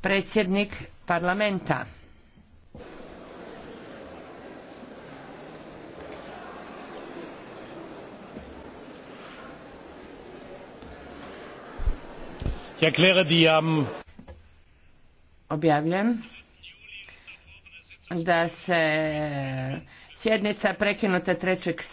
Predsjednik parlamenta. Objavljam da se sjednica prekinuta 3.